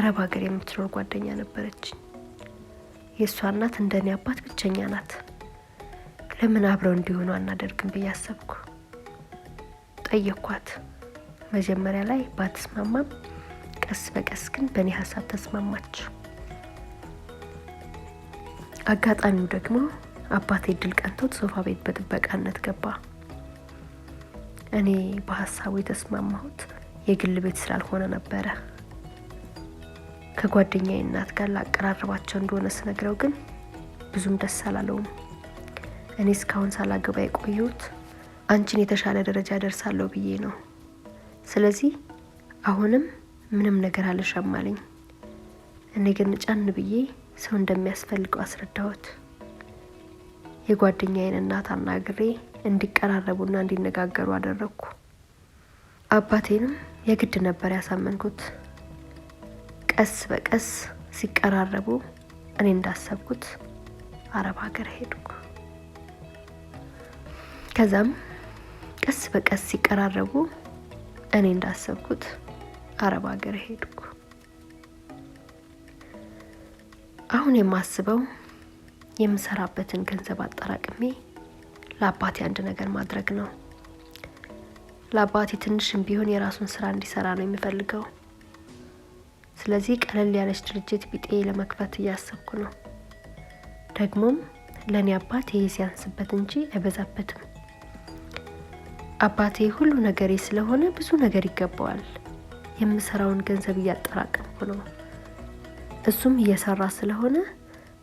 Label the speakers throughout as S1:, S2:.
S1: አረብ ሀገር የምትኖር ጓደኛ ነበረችኝ። የእሷ እናት እንደ እኔ አባት ብቸኛ ናት። ለምን አብረው እንዲሆኑ አናደርግም ብዬ አሰብኩ። ጠየኳት። መጀመሪያ ላይ ባትስማማም ቀስ በቀስ ግን በእኔ ሀሳብ ተስማማች። አጋጣሚው ደግሞ አባቴ እድል ቀንቶት ሶፋ ቤት በጥበቃነት ገባ። እኔ በሀሳቡ የተስማማሁት የግል ቤት ስላልሆነ ነበረ። ከጓደኛዬ እናት ጋር ላቀራረባቸው እንደሆነ ስነግረው ግን ብዙም ደስ አላለውም። እኔ እስካሁን ሳላገባ የቆየሁት አንቺን የተሻለ ደረጃ ደርሳለሁ ብዬ ነው። ስለዚህ አሁንም ምንም ነገር አልሸማልኝ እኔ ግን ጫን ብዬ ሰው እንደሚያስፈልገው አስረዳሁት። የጓደኛዬን እናት አናግሬ እንዲቀራረቡና እንዲነጋገሩ አደረግኩ። አባቴንም የግድ ነበር ያሳመንኩት። ቀስ በቀስ ሲቀራረቡ እኔ እንዳሰብኩት አረብ ሀገር ሄድኩ። ከዛም ቀስ በቀስ ሲቀራረቡ እኔ እንዳሰብኩት አረብ ሀገር ሄድኩ። አሁን የማስበው የምሰራበትን ገንዘብ አጠራቅሜ ለአባቴ አንድ ነገር ማድረግ ነው። ለአባቴ ትንሽም ቢሆን የራሱን ስራ እንዲሰራ ነው የሚፈልገው። ስለዚህ ቀለል ያለች ድርጅት ቢጤ ለመክፈት እያሰብኩ ነው። ደግሞም ለእኔ አባት ሲያንስበት እንጂ አይበዛበትም። አባቴ ሁሉ ነገሬ ስለሆነ ብዙ ነገር ይገባዋል። የምሰራውን ገንዘብ እያጠራቀምኩ ነው። እሱም እየሰራ ስለሆነ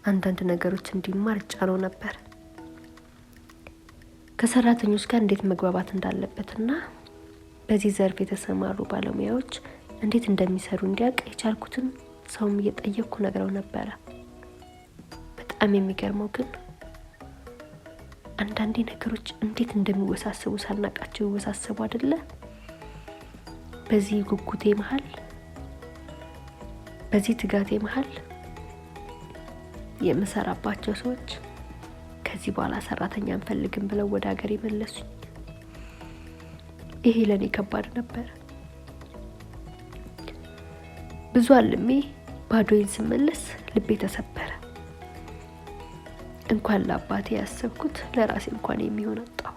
S1: አንዳንድ ነገሮች እንዲማር ጫነው ነበር። ከሰራተኞች ጋር እንዴት መግባባት እንዳለበትና በዚህ ዘርፍ የተሰማሩ ባለሙያዎች እንዴት እንደሚሰሩ እንዲያውቅ የቻልኩትን ሰውም እየጠየቅኩ ነግረው ነበረ። በጣም የሚገርመው ግን አንዳንዴ ነገሮች እንዴት እንደሚወሳሰቡ ሳናቃቸው ይወሳሰቡ አይደለ? በዚህ ጉጉቴ መሀል፣ በዚህ ትጋቴ መሀል የምሰራባቸው ሰዎች ከዚህ በኋላ ሰራተኛ አንፈልግም ብለው ወደ ሀገር የመለሱኝ። ይሄ ለእኔ ከባድ ነበር። ብዙ አልሜ ባዶይን ስመለስ ልቤ ተሰበረ። እንኳን ለአባቴ ያሰብኩት ለራሴ እንኳን የሚሆን አጣሁ።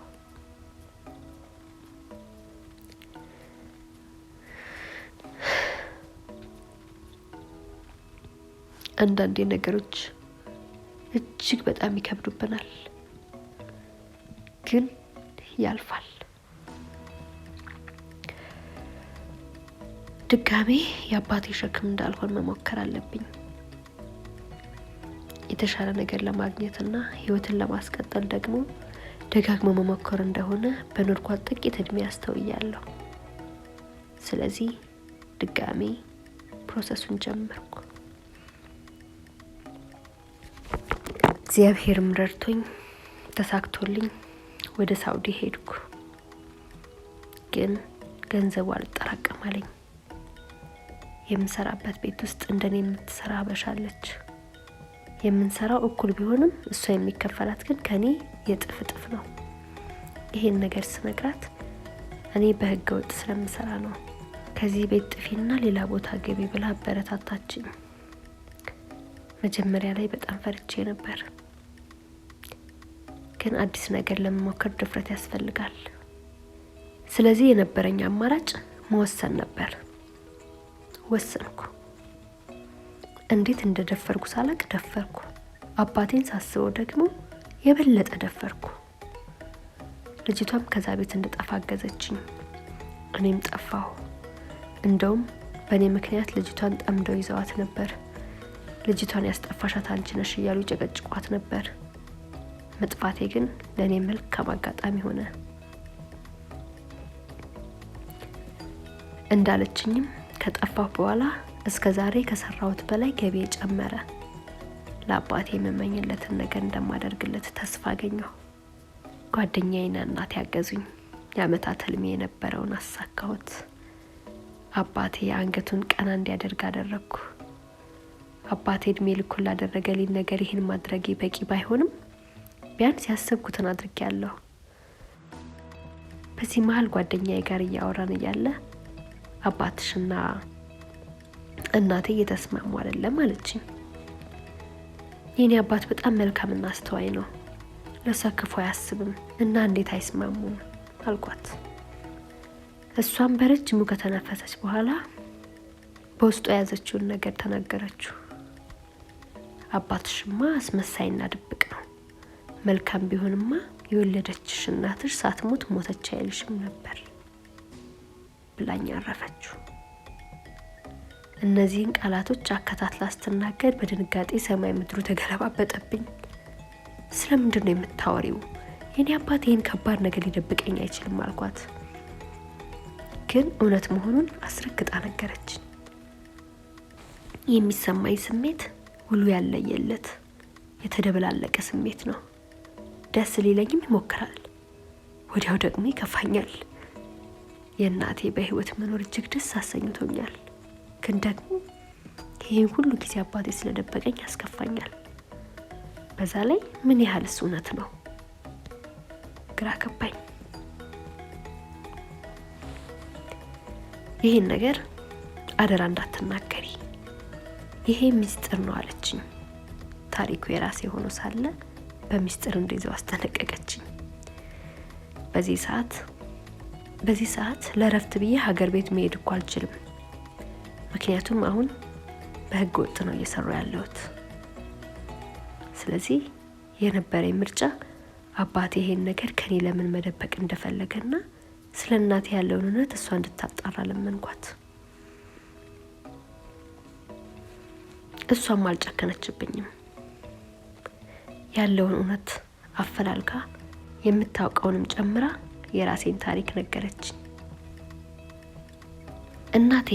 S1: አንዳንዴ ነገሮች እጅግ በጣም ይከብዱብናል፣ ግን ያልፋል። ድጋሜ የአባቴ ሸክም እንዳልሆን መሞከር አለብኝ። የተሻለ ነገር ለማግኘትና ህይወትን ለማስቀጠል ደግሞ ደጋግሞ መሞከር እንደሆነ በኖርኳት ጥቂት እድሜ አስተውያለሁ። ስለዚህ ድጋሜ ፕሮሰሱን ጀመርኩ። እግዚአብሔርም ረድቶኝ ተሳክቶልኝ ወደ ሳውዲ ሄድኩ። ግን ገንዘቡ አልጠራቀማለኝ። የምንሰራበት ቤት ውስጥ እንደኔ የምትሰራ አበሻለች። የምንሰራው እኩል ቢሆንም እሷ የሚከፈላት ግን ከኔ የጥፍ ጥፍ ነው። ይሄን ነገር ስነግራት እኔ በህገ ወጥ ስለምሰራ ነው ከዚህ ቤት ጥፊና ሌላ ቦታ ገቢ ብላ አበረታታችኝ። መጀመሪያ ላይ በጣም ፈርቼ ነበር፣ ግን አዲስ ነገር ለመሞከር ድፍረት ያስፈልጋል። ስለዚህ የነበረኝ አማራጭ መወሰን ነበር። ወሰንኩ። እንዴት እንደደፈርኩ ሳላቅ ደፈርኩ። አባቴን ሳስበው ደግሞ የበለጠ ደፈርኩ። ልጅቷም ከዛ ቤት እንድጠፋ አገዘችኝ፣ እኔም ጠፋሁ። እንደውም በእኔ ምክንያት ልጅቷን ጠምደው ይዘዋት ነበር። ልጅቷን ያስጠፋሻት አንቺ ነሽ እያሉ ጨቀጭቋት ነበር። መጥፋቴ ግን ለእኔ መልካም አጋጣሚ ሆነ። እንዳለችኝም ከጠፋሁ በኋላ እስከ ዛሬ ከሰራሁት በላይ ገቢ ጨመረ። ለአባቴ የምመኝለትን ነገር እንደማደርግለት ተስፋ አገኘሁ። ጓደኛዬና እናት ያገዙኝ። የአመታት ህልሜ የነበረውን አሳካሁት። አባቴ አንገቱን ቀና እንዲያደርግ አደረግኩ። አባቴ እድሜ ልኩን ላደረገልኝ ነገር ይህን ማድረጌ በቂ ባይሆንም ቢያንስ ያሰብኩትን አድርጌያለሁ። በዚህ መሀል ጓደኛዬ ጋር እያወራን እያለ አባትሽና እናቴ እየተስማሙ አይደለም አለችኝ። የኔ አባት በጣም መልካምና አስተዋይ ነው። ለሰው ክፉ አያስብም እና እንዴት አይስማሙም አልኳት። እሷም በረጅሙ ከተነፈሰች በኋላ በውስጡ የያዘችውን ነገር ተናገረችው። አባትሽማ አስመሳይና ድብቅ ነው። መልካም ቢሆንማ የወለደችሽ እናትሽ ሳትሞት ሞተች አይልሽም ነበር። ብላኝ አረፈችው። እነዚህን ቃላቶች አከታትላ ስትናገር በድንጋጤ ሰማይ ምድሩ ተገለባበጠብኝ። ስለምንድን ነው የምታወሪው? የኔ አባት ይህን ከባድ ነገር ሊደብቀኝ አይችልም አልኳት። ግን እውነት መሆኑን አስረግጣ ነገረች። የሚሰማኝ ስሜት ሁሉ ያለየለት የተደበላለቀ ስሜት ነው። ደስ ሊለኝም ይሞክራል፣ ወዲያው ደግሞ ይከፋኛል። የእናቴ በህይወት መኖር እጅግ ደስ አሰኝቶኛል። ግን ደግሞ ይህን ሁሉ ጊዜ አባቴ ስለደበቀኝ ያስከፋኛል። በዛ ላይ ምን ያህልስ እውነት ነው? ግራ ገባኝ። ይህን ነገር አደራ እንዳትናገሪ፣ ይሄ ሚስጥር ነው አለችኝ። ታሪኩ የራሴ ሆኖ ሳለ በሚስጥር እንደዚያው አስጠነቀቀችኝ። በዚህ ሰዓት በዚህ ሰዓት ለእረፍት ብዬ ሀገር ቤት መሄድ እኮ አልችልም። ምክንያቱም አሁን በህገ ወጥ ነው እየሰሩ ያለሁት። ስለዚህ የነበረኝ ምርጫ አባቴ ይሄን ነገር ከኔ ለምን መደበቅ እንደፈለገና ስለ እናቴ ያለውን እውነት እሷ እንድታጣራ ለመንኳት። እሷም አልጨከነችብኝም። ያለውን እውነት አፈላልጋ የምታውቀውንም ጨምራ የራሴን ታሪክ ነገረችኝ። እናቴ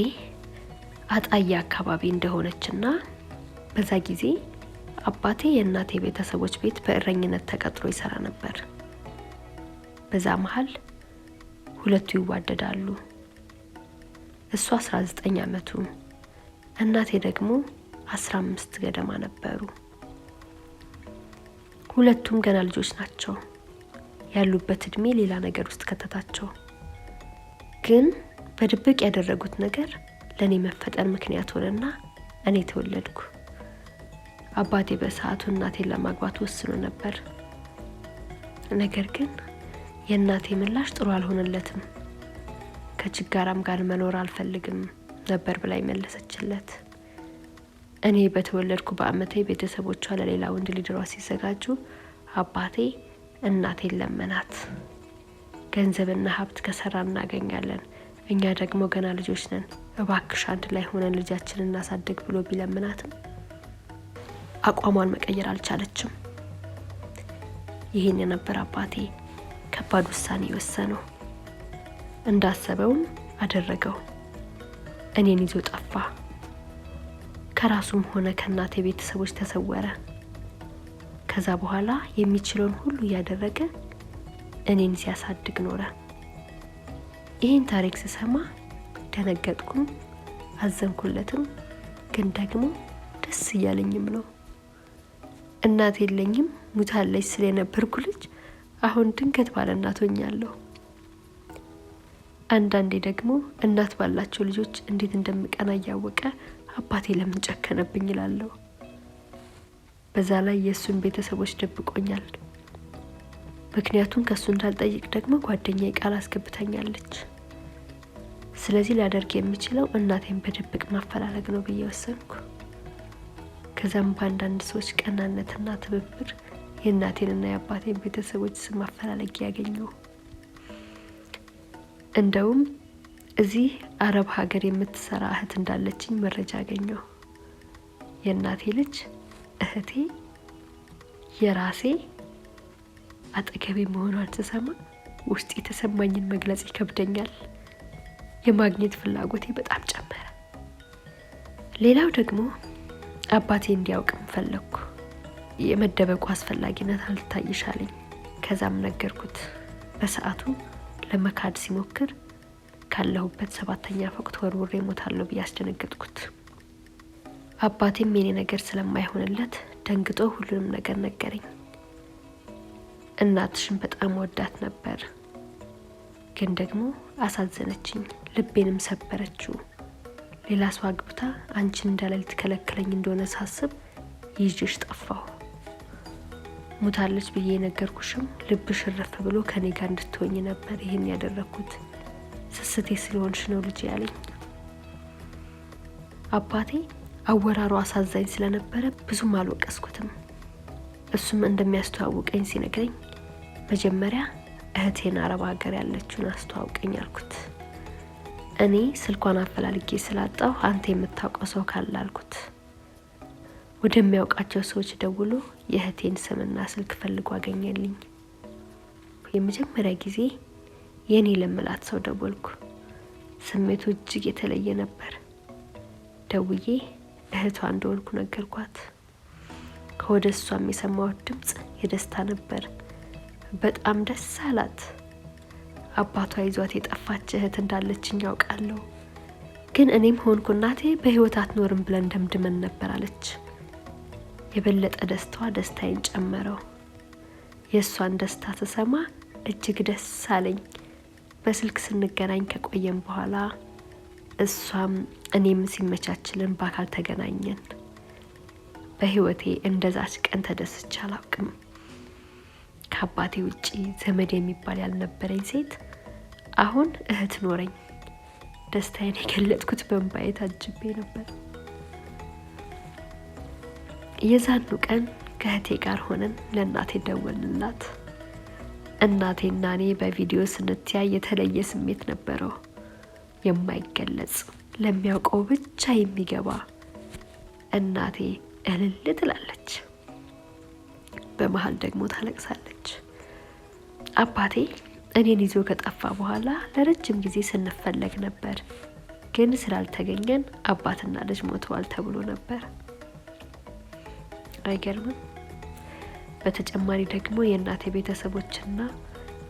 S1: አጣዬ አካባቢ እንደሆነችና በዛ ጊዜ አባቴ የእናቴ ቤተሰቦች ቤት በእረኝነት ተቀጥሮ ይሰራ ነበር። በዛ መሀል ሁለቱ ይዋደዳሉ። እሱ 19 ዓመቱ፣ እናቴ ደግሞ 15 ገደማ ነበሩ። ሁለቱም ገና ልጆች ናቸው። ያሉበት እድሜ ሌላ ነገር ውስጥ ከተታቸው። ግን በድብቅ ያደረጉት ነገር ለእኔ መፈጠር ምክንያት ሆነና እኔ ተወለድኩ። አባቴ በሰዓቱ እናቴን ለማግባት ወስኖ ነበር። ነገር ግን የእናቴ ምላሽ ጥሩ አልሆነለትም። ከችጋራም ጋር መኖር አልፈልግም ነበር ብላ መለሰችለት። እኔ በተወለድኩ በአመቴ ቤተሰቦቿ ለሌላ ወንድ ሊድሯ ሲዘጋጁ አባቴ እናቴን ለመናት። ገንዘብና ሀብት ከሰራ እናገኛለን፣ እኛ ደግሞ ገና ልጆች ነን፣ እባክሽ አንድ ላይ ሆነን ልጃችንን እናሳድግ ብሎ ቢለምናትም አቋሟን መቀየር አልቻለችም። ይህን የነበር አባቴ ከባድ ውሳኔ የወሰነው። እንዳሰበውም አደረገው። እኔን ይዞ ጠፋ። ከራሱም ሆነ ከእናቴ ቤተሰቦች ተሰወረ። ከዛ በኋላ የሚችለውን ሁሉ እያደረገ እኔን ሲያሳድግ ኖረ። ይህን ታሪክ ስሰማ ደነገጥኩም፣ አዘንኩለትም፣ ግን ደግሞ ደስ እያለኝም ነው። እናት የለኝም ሙታለች ስለ ልጅ አሁን ድንገት ባለ እናት ሆኛለሁ። አንዳንዴ ደግሞ እናት ባላቸው ልጆች እንዴት እንደምቀና እያወቀ አባቴ ለምን ጨከነብኝ ይላለሁ። በዛ ላይ የእሱን ቤተሰቦች ደብቆኛል። ምክንያቱም ከእሱ እንዳልጠይቅ ደግሞ ጓደኛ ቃል አስገብታኛለች። ስለዚህ ሊያደርግ የምችለው እናቴን በድብቅ ማፈላለግ ነው ብዬ ወሰንኩ። ከዛም በአንዳንድ ሰዎች ቀናነትና ትብብር የእናቴንና የአባቴን ቤተሰቦች ስም ማፈላለግ ያገኘው። እንደውም እዚህ አረብ ሀገር የምትሰራ እህት እንዳለችኝ መረጃ አገኘው። የእናቴ ልጅ እህቴ የራሴ አጠገቤ መሆኗን ስሰማ ውስጥ የተሰማኝን መግለጽ ይከብደኛል። የማግኘት ፍላጎቴ በጣም ጨመረ። ሌላው ደግሞ አባቴ እንዲያውቅም ፈለግኩ። የመደበቁ አስፈላጊነት አልታይሻለኝ። ከዛም ነገርኩት። በሰዓቱ ለመካድ ሲሞክር ካለሁበት ሰባተኛ ፎቅ ወርውሬ እሞታለሁ ብዬ አስደነገጥኩት። አባቴም የኔ ነገር ስለማይሆንለት ደንግጦ ሁሉንም ነገር ነገረኝ። እናትሽን በጣም ወዳት ነበር፣ ግን ደግሞ አሳዘነችኝ፣ ልቤንም ሰበረችው። ሌላ ሰው አግብታ አንቺን እንዳላይ ልትከለክለኝ እንደሆነ ሳስብ ይዤሽ ጠፋሁ። ሙታለች ብዬ የነገርኩሽም ልብሽ እረፍ ብሎ ከኔ ጋር እንድትሆኝ ነበር ይህን ያደረግኩት። ስስቴ ስለሆንሽ ነው ልጅ ያለኝ አባቴ አወራሩ አሳዛኝ ስለነበረ ብዙም አልወቀስኩትም። እሱም እንደሚያስተዋውቀኝ ሲነግረኝ መጀመሪያ እህቴን አረብ ሀገር ያለችውን አስተዋውቀኝ አልኩት። እኔ ስልኳን አፈላልጌ ስላጣሁ አንተ የምታውቀው ሰው ካለ አልኩት። ወደሚያውቃቸው ሰዎች ደውሎ የእህቴን ስምና ስልክ ፈልጎ አገኘልኝ። የመጀመሪያ ጊዜ የእኔ ለምላት ሰው ደወልኩ። ስሜቱ እጅግ የተለየ ነበር። ደውዬ እህቷ እንደሆንኩ ነገርኳት። ከወደ እሷም የሰማሁት ድምፅ የደስታ ነበር። በጣም ደስ አላት። አባቷ ይዟት የጠፋች እህት እንዳለችኝ ያውቃለሁ፣ ግን እኔም ሆንኩ እናቴ በህይወት አትኖርም ብለን ደምድመን ነበር አለች። የበለጠ ደስታዋ ደስታዬን ጨመረው። የእሷን ደስታ ስሰማ እጅግ ደስ አለኝ። በስልክ ስንገናኝ ከቆየም በኋላ እሷም እኔም ሲመቻችልን በአካል ተገናኘን። በህይወቴ እንደዛች ቀን ተደስቼ አላውቅም። ከአባቴ ውጪ ዘመድ የሚባል ያልነበረኝ ሴት አሁን እህት ኖረኝ። ደስታዬን የገለጥኩት በእንባዬ ታጅቤ ነበር። የዛኑ ቀን ከእህቴ ጋር ሆነን ለእናቴ ደወልንላት። እናቴና እኔ በቪዲዮ ስንተያይ የተለየ ስሜት ነበረው የማይገለጽ ለሚያውቀው ብቻ የሚገባ እናቴ እልል ትላለች። በመሀል ደግሞ ታለቅሳለች። አባቴ እኔን ይዞ ከጠፋ በኋላ ለረጅም ጊዜ ስንፈለግ ነበር፣ ግን ስላልተገኘን አባትና ልጅ ሞተዋል ተብሎ ነበር። አይገርምም? በተጨማሪ ደግሞ የእናቴ ቤተሰቦችና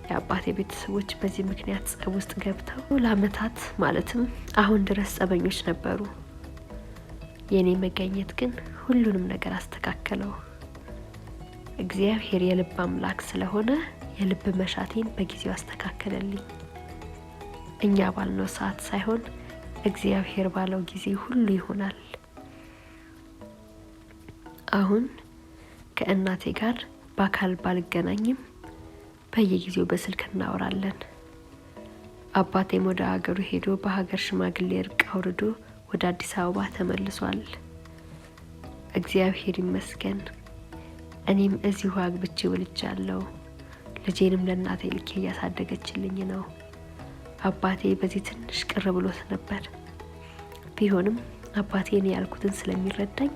S1: የአባቴ ቤተሰቦች በዚህ ምክንያት ጸብ ውስጥ ገብተው ለአመታት ማለትም አሁን ድረስ ጸበኞች ነበሩ። የእኔ መገኘት ግን ሁሉንም ነገር አስተካከለው። እግዚአብሔር የልብ አምላክ ስለሆነ የልብ መሻቴን በጊዜው አስተካከለልኝ። እኛ ባልነው ሰዓት ሳይሆን እግዚአብሔር ባለው ጊዜ ሁሉ ይሆናል። አሁን ከእናቴ ጋር በአካል ባልገናኝም በየጊዜው በስልክ እናወራለን። አባቴም ወደ ሀገሩ ሄዶ በሀገር ሽማግሌ እርቅ አውርዶ ወደ አዲስ አበባ ተመልሷል። እግዚአብሔር ይመስገን። እኔም እዚሁ አግብቼ ወልጃለሁ። ልጄንም ለእናቴ ልኬ እያሳደገችልኝ ነው። አባቴ በዚህ ትንሽ ቅር ብሎት ነበር። ቢሆንም አባቴ እኔ ያልኩትን ስለሚረዳኝ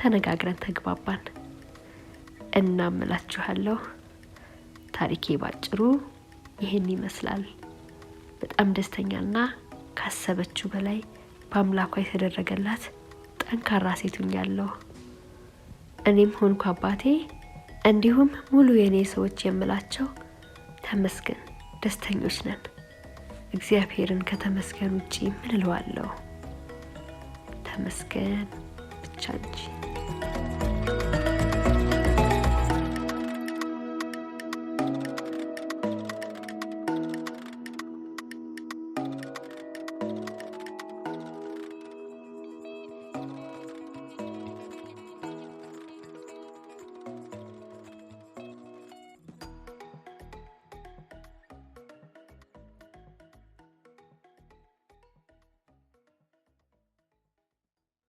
S1: ተነጋግረን ተግባባን። እናምላችኋለሁ ታሪኬ ባጭሩ ይህን ይመስላል። በጣም ደስተኛና ካሰበችው በላይ በአምላኳ የተደረገላት ጠንካራ ሴቱኝ ያለው እኔም ሆንኩ አባቴ እንዲሁም ሙሉ የእኔ ሰዎች የምላቸው ተመስገን ደስተኞች ነን። እግዚአብሔርን ከተመስገን ውጪ ምን እለዋለሁ? ተመስገን ብቻ እንጂ